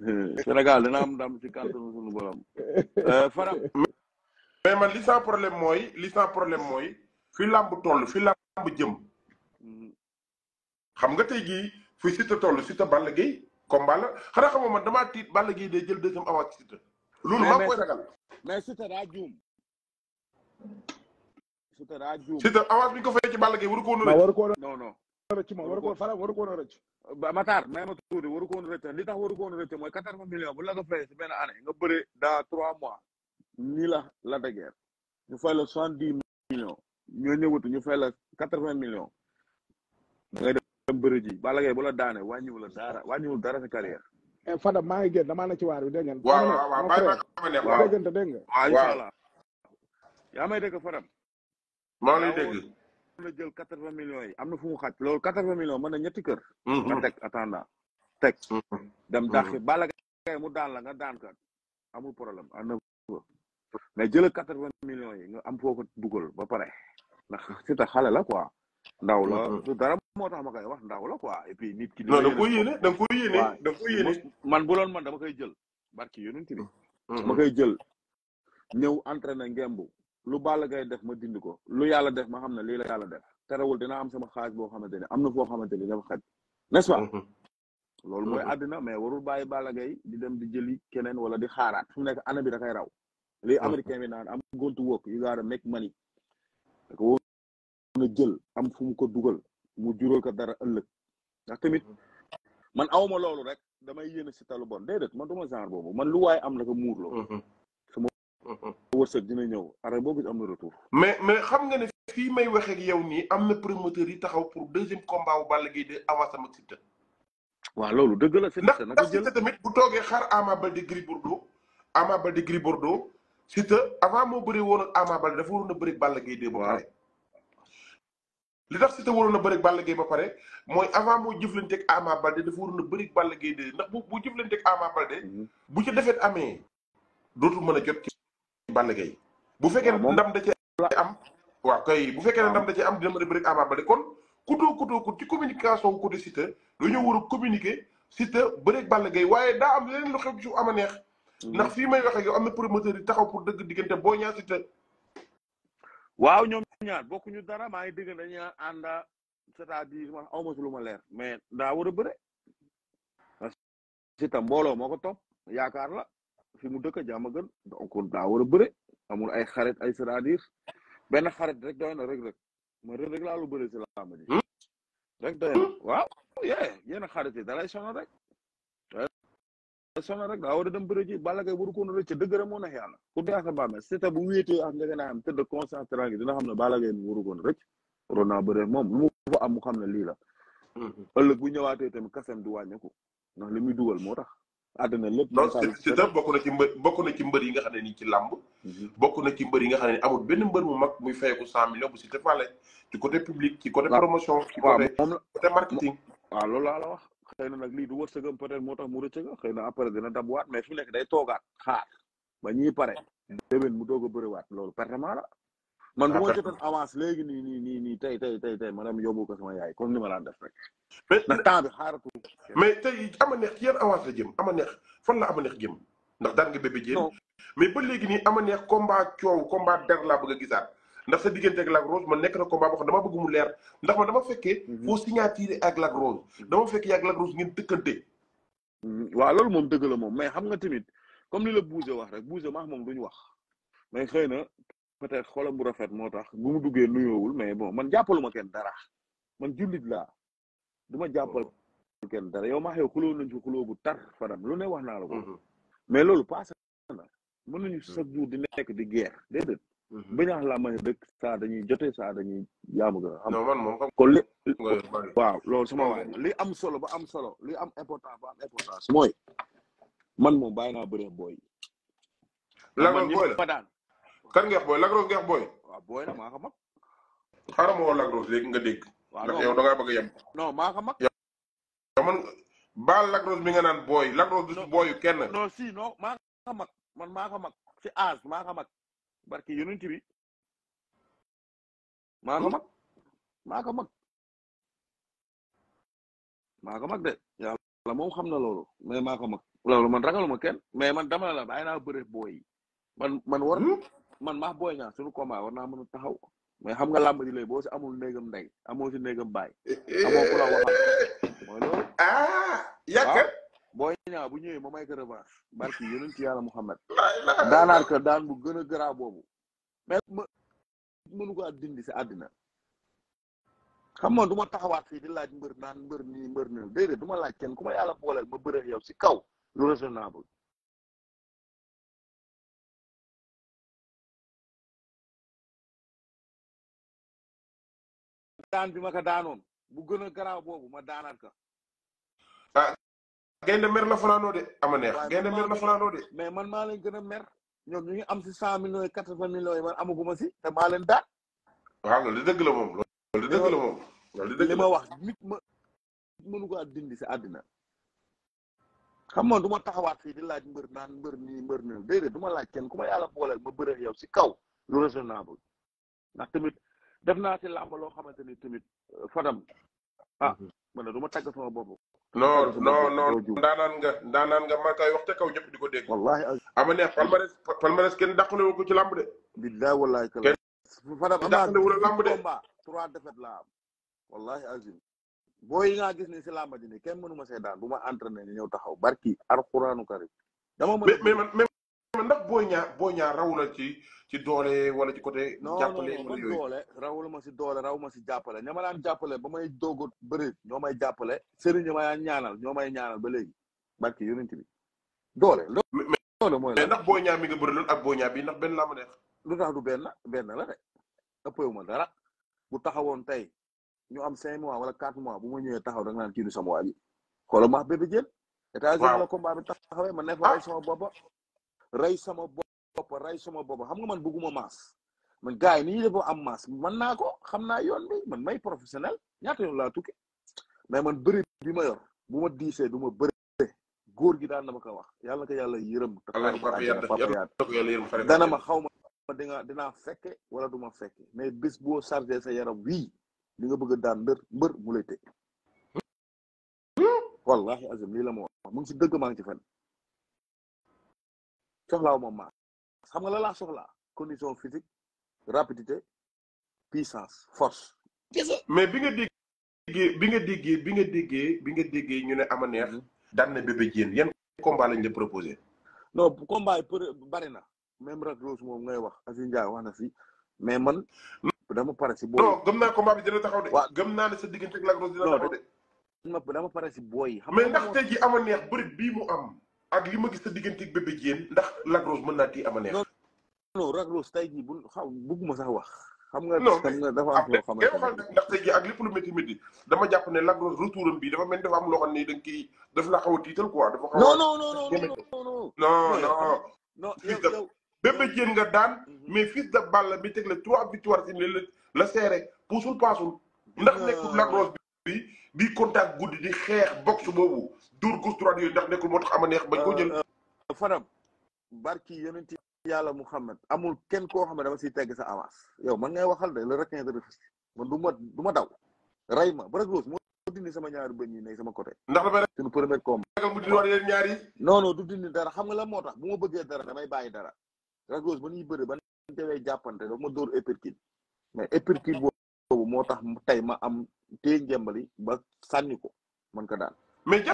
Sénégal dina am ndam ci kàttanu suñu borom. Euh, mais man li sans problème mooy li sans problème mooy fi làmb toll fi làmb jëm. xam nga tey jii fi sita toll Siteu Balla Gaye combat la xanaa xam nga man damaa tiit Balla Gaye day jël deuxième avance Siteu. loolu maa koy ragal. mais Siteu daa juum. Siteu daa juum ko fay ci gi Gaye waru ko non non. rëcc moom waru waru ko woon li tax waru ko woon a rëcc mooy millions bu la ko fayee si benn nga bëre dans trois mois nii la la déguère ñu fay la soixante millions ñoo ñëwatu ñu fay la quatre millions ngay dem bëre ji Balla Gaye bu la daane wàññiwul dara wàññiwul dara sa carrière eh, Fada maa ngi génn na ci waar bi dégg ngeen waaw waaw waaw dégg nga waaw incha allah may dégg Fadam maa ngi dégg la jël quatre vingt yi am na fu mu xaj loolu quatre vingt millions mën na ñetti kër mm-hmm. nga teg mm-hmm. mm-hmm. bala kay mu daan la nga daan ka amul problème à neuf mais jël quatre vingt millions yi nga am foo ko dugal ba pare ndax si ta xale la quoi ndaw la su dara moo tax ma koy wax ndaw la quoi et puis nit ki non da nga koy yéene da nga koy nga koy yéene man bu loon dama koy jël barki yonent bi dama koy jël ñëw entraîné ngembu lu Balla Gaye def ma dindi ko lu yàlla def ma xam ne lii la yàlla def terewul dina am sama xaaj boo xamante ne am na foo xamante ne dafa xaj n'est-ce pas loolu mooy àddina mais warul bàyyi Balla Gaye di dem di jëli keneen wala di xaaraat fu mu nekk ana bi da koy raw li américain bi naan am going to work you gotta make money da ko war na jël am fu mu ko dugal mu jural ko dara ëllëg ndax tamit man awma loolu rek damay yéene si talu bon déedéet man duma genre boobu man lu waaye am la ko muurloo wërsëg dina ñëw arrêt boobu am mais mais xam nga ne fii may waxee yow nii am na promoteur yi taxaw pour deuxième combat bu Balla Gaye de avance am waaw loolu dëgg la. Siteu naka jël ndax tamit bu toogee xaar Ama Baldé Gris Bordeaux Ama Baldé Gris Bordeaux Siteu avant moo bëree woon ak Ama Baldé dafa waroon a bëri ak Balla Gaye de ba pare. li tax Siteu waroon a bëri ak Balla Gaye ba pare mooy avant moo jëflanteeg Ama Baldé dafa waroon a bëri ak Balla Gaye de ndax bu bu jëflanteeg Ama mhm. bu ci defet amee dootul mën a jot Balla Gaye bu fekkee ne ndam da ce am wa kay bu fekkee ne ndam da ce am dina mën a bëri Ama Baldé kon kutoo kutoo kut ci communication côté Siteu dañoo war a communiquer Siteu bëreeg Balla Gaye waaye daa am leneen lu xew ci ama neex hmm. ndax fii may waxee yow am na promoteur yi taxaw pour dëgg diggante boo ñaar Siteu waaw ñoom ñaar bokkuñu dara maa ngi dégg dañuy ànda c'est-à-dire man awma ci lu ma leer mais daa war a bëre Siteu mbooloo moo ko topp la fi mu dëkk jaam a gën donc daa war a bëre amul ay xarit ay c'est-à-dire benn xarit rek doy na rek rek ma rek rek laa a bëre si làmb ji hmm? rek yee yéen xarit yi dalay sonal rek dalay sonal rek daa war a dem bëre ji Balla Gaye waru ko woon rek moo neex yàlla ku dee sa bàmmeel c'est bu wéetee ak nga naa am tëdd xam ne Balla Gaye waru ko woon rëcc waroon naa bëre moom mu fa am xam ne lii la hmm. ëllëg bu ñëwaatee tamit kasam du wàññeeku ndax li muy dugal moo tax àddina lépp loolu si tam bokk na ci mbër bokk na ci mbër yi nga xam ne nii ci làmb mhm. bokk na ci mbër yi nga xam ne mu mag muy fayeku cent millions bu si defaale ci côté public ci côté promotion ci côté marketing waaw loolu la wax xëy na nag lii du wërsëgam peut moo tax mu rëcc nga xëy na après dina dabwaat mais fi mu nekk day toogaat xaar ba ñuy pare mu doog a bëriwaat loolu pertement la man bu ma jotoon avance legui ni ni ni ni tay tay tay tay manam yobou ko sama yaay comme ni ma la def rek. mais na temps bi xaaratu. mais tey ama neex yeen avance la jëm ama neex fan la ama neex jëm ndax dar nga bébé jëm mais ba legui ni ama neex combat ciow combat der la bëgg gisat ndax sa digënté ak Lac Rose man nek na combat bo xam dama bëgg mu leer ndax man dama fekke fo signature ak Lac Rose. dama fekke ak Lac Rose ngeen tekkante wa loolu mom dëgg la moom mais xam nga timit comme li la Boucher wax rek Boucher maax mom duñ wax mais xeyna peut-être xolam bu rafet motax bu mu duggee nuyoowul mais bon man jappaluma ken dara man julit la duma jappal ken dara yow maa yow xuloo nañ fi xuloo bu tar fadam lu ne wax na la ko mhm. mais lolu passé na mën nañu sa mhm. jour di nek di guerre mhm. bañ wax la may dëkk sa dañuy joté sa dañuy yaamu gën a xam ko li waaw lolu sama waay li am solo ba am solo li am important ba am importance moy man mom bàyyi naa boy la ma daan kan nga booy Lac Rose booy. waaw booy la maa ko mag. xaaral ma woo nga dégg. waaw ndax yow da ngaa bëgg maa mag. yow man baal Lac mi nga naan booy Lac Rose du booyu kenn. non si non maa ko man maa ko mag si âge maa ko mag barki yonent hmm? mag maa ko mag maa ko de yàlla moom xam na loolu mais maa ko mag loolu man ragaluma kenn mais man dama la bàyyi naa bëre booy man man war hmm? man ma boy ñaan suñu combat war na mën taxaw mais xam nga lamb di lay bo si amul negam ndey amoo si negam bay amo ko la waxal mooy loolu ah yàgg ah, boy ñaa bu ñëwee ma may ko revanche barki yonent ci yàlla Muhammad daanaar ko daan bu gëna gëra bobu mais ma mënu ko dindi ci adina xam mo duma taxawat taxawaat di laaj mbër naan mbeur ni mbeur nii déedéet duma laaj kenn kuma yalla bolal ma yow si kaw lu raisonnable daan bi ma ko daanoon bu gën a garaaw boobu ma daanaat ka ah gaynde mer la fanaanoo de ama neex gaynde mer la fanaanoo de mais man maa leen gën a mer ñoom ñu ngi am si cent millions yi quatre vingt yi man amaguma si te maa leen daan waaw loolu di moom loolu di moom loolu di dëgg la li ma wax nit ma mënu si àddina xam moon du ma taxawaat fii di laaj mbër naan mbër mbër nii laaj kenn ku ma a booleel ma bëre yow si kaw lu raisonnable ndax tamit def naa si làmb loo xamante ni tamit euh, Fadam a ah, mhm. man ne du ma tàgg sama no no non non daanaan nga daanaan nga maa koy wax te kaw ñëpp di ko dégg. wallaahi ama neex palmarès palmarès kenn dàqalewu ko ci làmb de. billaay wallaahi kala. Fadam dàqalewu la làmb de combat trois défaites la am wallaahi azim. boo yi nga gis ni si làmb ji ni kenn mënu ma see daan bu ma entraîné ñu ñëw taxaw barki alxuraanu karim dama mën non ndax booy ñaar booy ñaar rawu la ci ci doole wala ci côté. jàppale non non non doole rawu si doole rawu ma si jàppale ña ma daan jàppale ba may doog a bëri ñoo jàppale sëriñ ña ma daan ñaanal ñoo may ñaanal ba léegi barki yonent bi doole. loolu mooy la mais ndax booy ñaar mi nga bëri loolu ak bi ndax benn laa ma neex. lu tax du benn benn la de ëppewu ma dara bu taxawoon tey ñu am cinq mois wala quatre mois bu ma ñëwee taxaw da nga naan kii du sama waa ji xoolal ma bébé jël. états-unis bi taxawee ma nekk ah. ray sama bop ray sama bop xam nga man bëgguma mas man gaay ni dafa am mas man nako xamna yoon bi man may professionnel ñatt yoon la tukki mais man bëri bi ma yor buma ma diisee du ma bëri góor gi daan na ma ko wax yàlla ko yalla yërëm dana ma xawma dina dina fekke wala duma fekke mais bis bo chargé sa yaram wi li nga bëgg daan mbeur mbeur mu lay tëj hmm? wallahi azim li la ma wax mu ngi si dëgg ngi ci fen soxlaaw ma masse xam nga la laa soxlaa condition physique rapidité puissance force mais bi nga déggee bi nga déggee bi nga déggee bi nga déggee ñu ne ama neex mhm. daan na bébé jéen yan combat lañ la proposé non combat yi bari na même Rak Rose moom ngay wax Aziz Ndiaye wax na si mais man dama pare si booy non naa combat bi dina naa ne sa diggante ak Rak dama pare si booy yi mais ndax tey ji ama neex bërit bii mu am ak li ma gis sa digganteeg bébé Diène ndax Lac Rose mën naa tii ama neex. non non Lac Rose tey jii bu xaw bëgguma sax wax. xam nga xam nga dafa am loo xamante ne ndax tey jii ak lépp lu métti métti dama jàpp ne Lac Rose retouram bi dafa mel dafa am loo xam ne da nga kii daf la xaw a tiital quoi. dafa xaw a non non non non non non yow bébé Diène nga daan. Mhm. mais fils de Balla bi teg la trois victoires si la la seere puusul paasul. ndax nekkul Lac Rose bi di contact guddi di xeex box boobu. tour gauche droite yooyu ndax nekkul moo ama neex bañ ko jël. Euh, euh, barki yonenti yàlla muhammad amul kenn koo xam ne dama siy tegg sa avance yow man ngay waxal de le requin de Rufisque man du ma daw rey ma Lac Rose moo dindi sama ñaari bëñ yi nekk sama côté. ndax dafay rek suñu premier combat. mu dindi woon ñaar yi. non non du dindi dara xam nga la moo bu ma bëggee dara damay bàyyi dara Lac Rose ba ñuy bëri ba ñu tewee ma mais ma am téye ngembali ba sànni ko man ko mais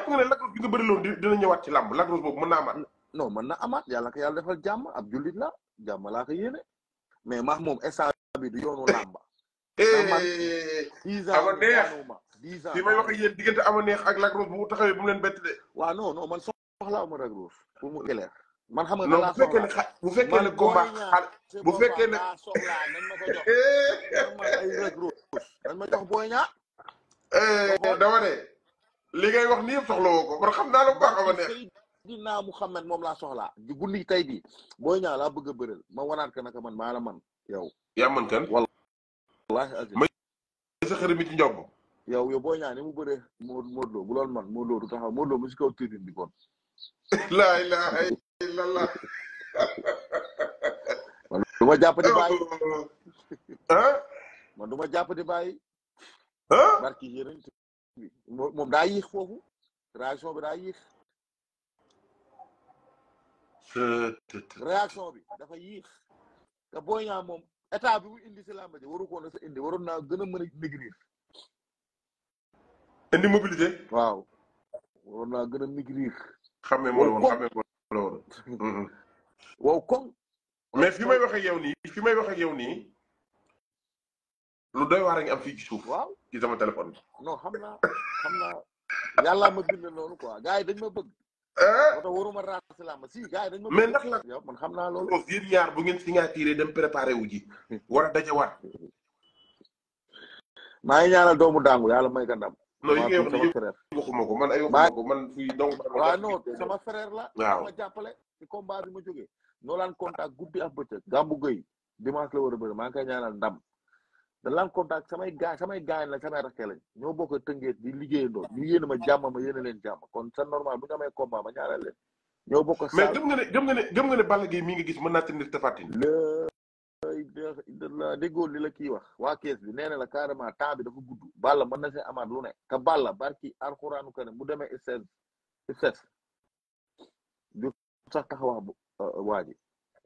jàpp nga ne Lac Rose bi nga bëri loon dina ñëwaat ci làmb Lac Rose boobu mën na amaat. non na amaat yàlla ko yàlla defal ab jullit la jàmm laa ko yéene mais maax moom instant bi du yoonu làmb. Eh, dix ans ama neex dix ans bi may wax ak yéen diggante ama neex ak Lac Rose bu taxawee bu mu leen bett de. waaw non non man soxlaa ma Lac Rose mu clair man xam nga ne laa soxlaa bu fekkee ne combat bu fekkee ne soxlaa nan ma ko jox man ay Lac Rose nan ma jox booy ñaa eh, dama li ngay wax ni soxlo ko war xam na la bu baax neex dina Muhammad la soxla di gundi tay bi boy ñaa la bëgg bëreel ma wanaat ka naka man ma la man yow ya man kan wallahi azim sa xërëmi ci njobb yow yow boy ñaa ni mu bëre moo Modou bu lol man Modou Lo du taxaw modlo mu ci kaw turbine di kon la ilaha illallah man duma japp di di hein man duma japp di di hein barki yéen moom daa yéex foofu réaction bi daa yéex. réaction bi dafa yéex. te booy ñaa moom état bi mu indi si làmb ji waru ko woon sa indi waroon naa gën a mën a maigrir. indi mobilité. waaw waroon gën a maigrir. wow kon. mais fi may wax nii fi may wax nii. lu doy waar ngi am fi ci suuf. waaw ci sama téléphone non xam naa xam naa yàlla ma bind loolu quoi gars yi dañ ma bëgg. Eh? moo tax waruma raasi la ma si gars yi dañ ma mais ndax la yow man xam naa loolu. yéen ñaar bu ngeen signatiré dem préparé wu ji. war a dajewaat. maa ngi ñaanal doomu daangu yàlla may gandam non yi ngeen wax ne waxuma ko man ay waxuma ko man fii dong waaw non sama frère la. waaw ma jàppale ci combat bi ma jógee. noo laan contact guddi ak bëccëg. Gambu Gueye dimanche la war a bëri maa ngi koy ñaanal ndam. dalaan contact samay gaay samay gaay la samay rakkee lañ ñoo bokk tëngeet di liggéeyandoo ñu ah. yéen ma jàmm ma yéen leen jàmm kon c'est normal bu ñu amee combat ma ñaareel leen. ñoo bokk mais gëm nga ne gëm nga gis mën naa tenir Tapha Tine. la déggoo li la kii wax waa kes bi nee na la carrément temps bi dafa gudd. Balla mën na see amaat lu ne. te Balla barki alxuraanu karim mu demee ICS ICS du sax taxawax bu euh, waa ji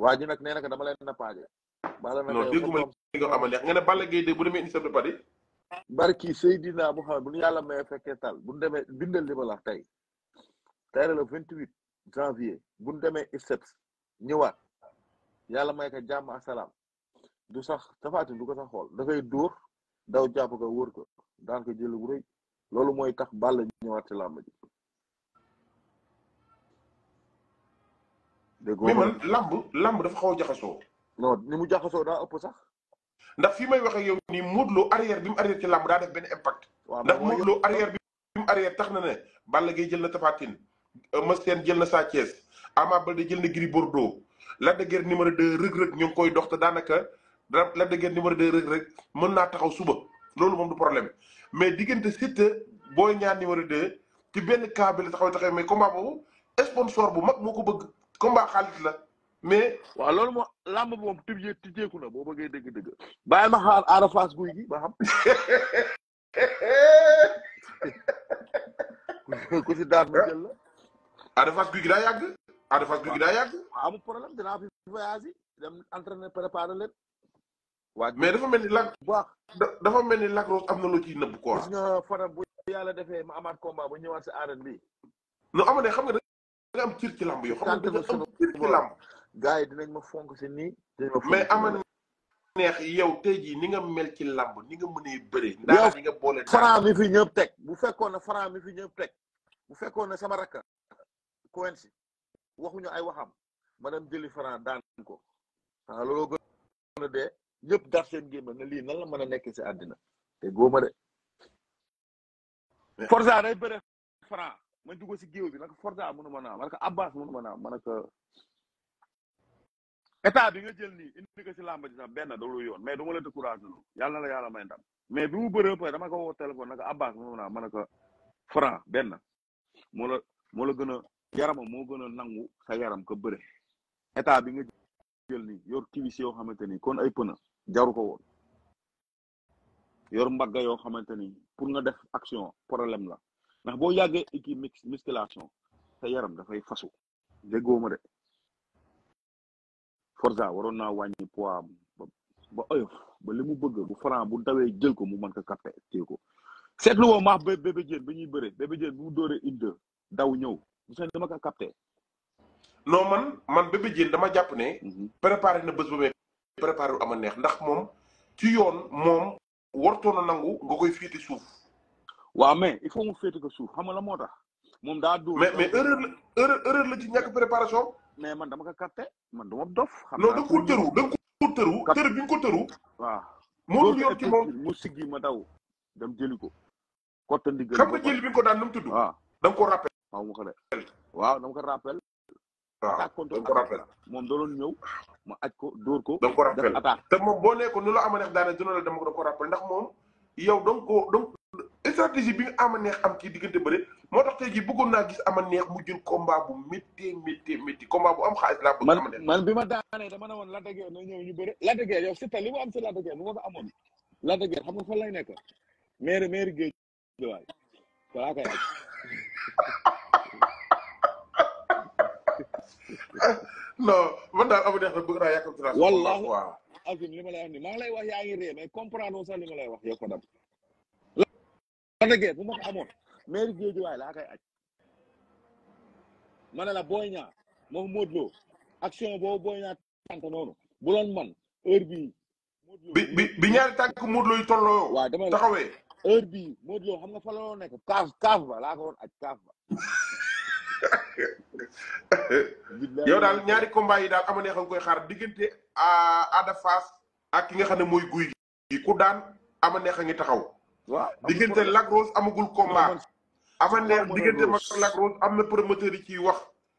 waa ji nag nee na dama leen nappaaje non dégguma li nga xamal neex nga ne Balla Gaye de bu demee indi sa préparé barki Seydina Mouhamed bu ñu yàlla may fekkee tal bu ñu demee bindal li ma la tey tey la le vingt janvier bu ñu ISEPS ñëwaat yàlla may ko jàmm ak du sax tafaatin du ko sax xool dafay dóor daw jàpp ko ko ko jël tax ci ji lamb lamb dafa xaw non ni mu jaxasoo daa ëpp sax. ndax fi may wax ak yow nii Modou Lo arrière bi mu arrière ci làmb daa def benn impact. ndax Modou Lo arrière bi mu arrière tax na ne. Balla Gaye jël na Tapha Tine. Eumeu Sène jël na Sa Thiès. Ama Baldé jël na Gris Bordeaux. Lac de Guiers numéro 2 Reug Reug ñu ngi koy dox te daanaka Lac de Guiers numéro 2 Reug Reug mën naa taxaw suba loolu moom du problème mais diggante Siteu Boy Niang numéro de ci benn cas bi taxaw taxaw mais combat boobu sponsor bu mag moo ko bëgg combat xaalis la. mais waaw loolu moo làmb moom tijjee tijjeeku na boo bëggee dëgg-dëgg bàyyi ma xaar Ada Fass guy gi ba xam ku si daan ma jël la Ada guy gi daa yàgg Ada Fass guy gi daa yàgg amul problème dinaa fi voyage yi dafa mel ni lak baax dafa mel ni Lac Rose am na loo ciy nëbb quoi gis nga faram bu yàlla defee ma amaat combat ba ñëwaat si arène bi non xam nga da nga am cir ci làmb yoo xam nga da nga am cir ci làmb gaay dinañ ma fonk ci ni dinañ ma mais amana neex yow tay ji ni nga mel ci lamb ni nga mëne bëre. ndax ni nga bolé franc mi fi ñëpp tek bu fekkoon franc mi fi ñëpp tek bu fekkoon ne sama rakk Coense waxuñu ay waxam ma dem jëli franc daan ko ah looloo gëna dé ñëpp dar seen gëma na li nan la mëna nekk ci adina té goma dé Forza day bëre franc ma dugg si gëw bi nak Forza mënu mëna naa Abbas mënu mëna naa état bi nga jël nii indi ko si làmb ji sax benn dalu yoon mais du ma la découragé loolu yàlla na la yàlla may ndam mais bi mu bëree pare dama ko woo téléphone naka Abbas moom naa ma ne ko franc benn moo la moo la gën a yaramam moo gën a nangu sa yaram ko bëre état bi nga jël nii yor kiwis yoo xamante ni kon ay pëna jaru ko woon yor mbagga yoo xamante ni pour nga def action problème la ndax boo yàggee équipe musculation sa yaram dafay fasu déggoo de Forza waroon naa wàññi poids am ba ba oyof eh, ba li mu bëgg bu Franc bu dawee jël ko mu man ka capter téye ko seetlu woo maax ba Bébé Diène bi ñuy bëree Bébé Diène bu mu dóoree une deux daw ñëw bu sañ dama ko capter. non man man Bébé Diène dama jàpp ne. Mhm. préparé na bés boobee préparé am a neex ndax moom ci yoon moom wartoon na nangu nga koy féete suuf. waaw mais il faut mu féete ko suuf xam daa. dóor mais mais erreur la la ci ñàkk préparation. mais man dama ko capté man du ma dof. xam naa non da nga ko tëru da nga ko tëru. tër ko tëru. waaw moo yor ci moom mu siggi ma daw. dem jëli ko. kottu ndigal xam nga jëli bi nga ko daan nu mu tudd. waaw ko rappel. waaw ma ko def waaw dama ko rappel. waaw ñëw. ma aj ko dóor ko. da nga ko rappel te moom boo nee ko nu la amoon def daanaka dina dem da nga ko rappel ndax moom yow da nga koo stratégie bi nga a neex am kii diggante bële moo tax tey jii bëggoon naa gis ama neex mu jël combat bu métti métti métti combat bu am xaalis laa bëgg. ama man bi ma daanee dama de Guiers na ñëw ñu bëri Lac de Guiers yow si li mu am si Lac de Guiers bu ma ko amoon Lac de Guiers xam nga fan lay nekk maire maire géej waay walaa koy non man a ama neex la bëgg naa yàkkamti lay wax yaa ngi ree mais comprendre sax li wax yow ko Lac de Guiers bu ma ko amoon mairie laa koy aj ma ne la booy Niang moom Modou Lo action boobu Boy Niang tànk noonu bu doon man heure bi bi bi ñaar tànk Modou Lo yu tolloo. waaw dama taxawee heure bii Modou xam nga fa nekk kaaf kaaf ba laa ko woon aj kaaf ba. yow daal ñaari combat yi daal am neex nga koy xaar diggante ah, Ada Fass ak ki nga xam ne mooy guy gi ku daan ama neex a ngi taxaw. waaw diggante Lac Rose amagul combat. Avenir diggante mag Lac Rose am na promoteur yi ciy wax.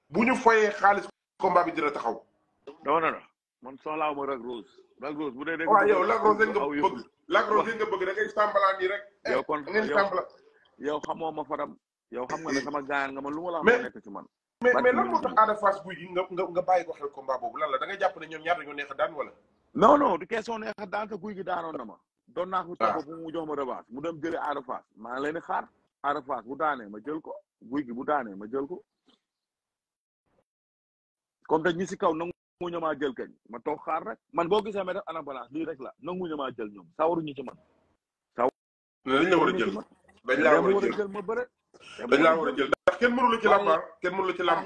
bu ñu fayee xaalis combat bi dina taxaw. non na man soxlaa ma Lac Rose. Lac Rose bu dee dégg waaw nga bëgg Lac eh, nga ne sama gaañ nga ma lu ma la xam nekk ci man. mais mais lan moo tax Ada Fass guy gi nga nga nga bàyyi ko la da jàpp ne ñoom ñaar dañoo daan wala. non non du question neex a daan te guy gi daanoon na ma. doon naa ah. ko mu jox ma revanche mu dem jëli arafat ma maa ngi leen xaar nungunya bu daane ma jël ko guuy gi bu daane ma jël ko comme te ñi si kaw nangu ñu maa jël kañ ma tok xaar rek man bo gisé ma def ana balance li rek la nangu ñu maa jël ñoom ñu ci man. dañ la wara jël bañ la wara jël ma bëre dañ la wara jël ndax kenn mënu lu ci làmb kenn mënu lu ci lamb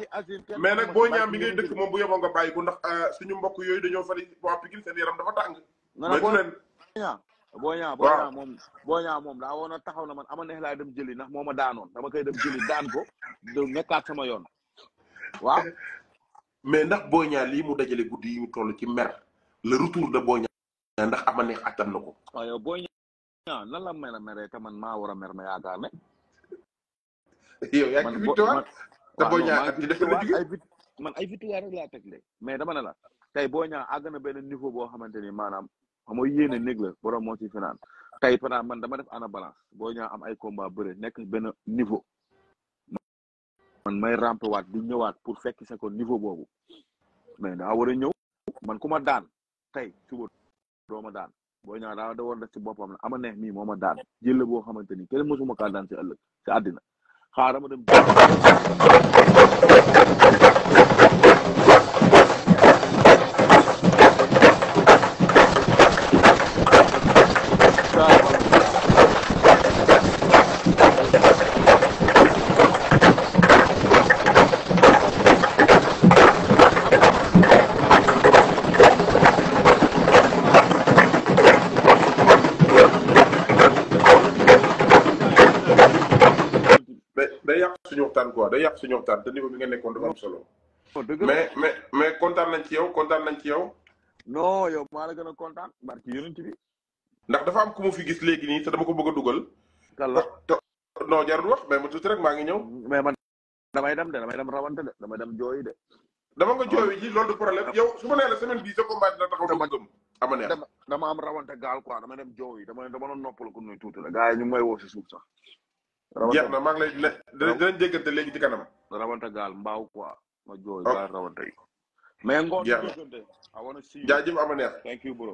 mais nak bo ñaam bi ngay dëkk mom bu yeboo nga bàyyi ndax euh, suñu mbokk dañu fa di waa Pikine sen yaram dafa len boo ñaa boo ñaa moom boo moom daa woon a taxaw na man ama neex laa dem jëli ndax moo ma daanoon dama koy dem jëli daan ko du sama yoon waaw mais ndax boo ñaa lii mu dajale guddi yi mu toll ci meer le retour de boo ndax ama neex na ko waaw yow boo ñaa nan la mel a meree te man maa war a mer ma yaakaar ne yow yaa ngi man ay victoire rek laa mais dama ne la boo ñaa àgg na benn niveau boo xamante ni maanaam xam nga yéene néeg la borom moo ci finaan tey par man dama def ana balance boo ñaa am ay combat bëre nekk benn niveau man may rampewaat di ñëwaat pour fekk sa niveau boobu mais daa war a ñëw man ku ma daan tey suba doo ma daan boo ñaa daa da war def ci boppam na ama neex mii moo ma daan jël boo xamante ni kenn mësuma kaa daan si ëllëg si àddina xaaral ma dem day yàq suñu waxtaan te niveau bi nga ne nekkoon dafa am solo. mais mais mais kontaan nañ ci yow kontaan nañ ci yow. non yow maa la gën a kontaan barke yonent bi. ndax dafa am ku mu fi gis léegi nii dama ko bëgg a dugal. kàlla non jarul wax mais ma tuuti rek maa ngi ñëw. mais man damay dem de damay dem rawante dem jooyi de. dama nga jooyi ji loolu du problème yow su ma nee la semaine bii sa combat dama gëm. ama am rawante gaal quoi dama dem jooyi dama dama doon noppalu ko nuy tuuti la gars yi ñu ngi may sax. rawante jeex na maa ngi lay dinañ dinañ déggante léegi ci kanam. rawante gaal mbaaw quoi. ma jooy gaal rawante yi. mais ngoon déggante. jaajëf ama neex. thank you bro.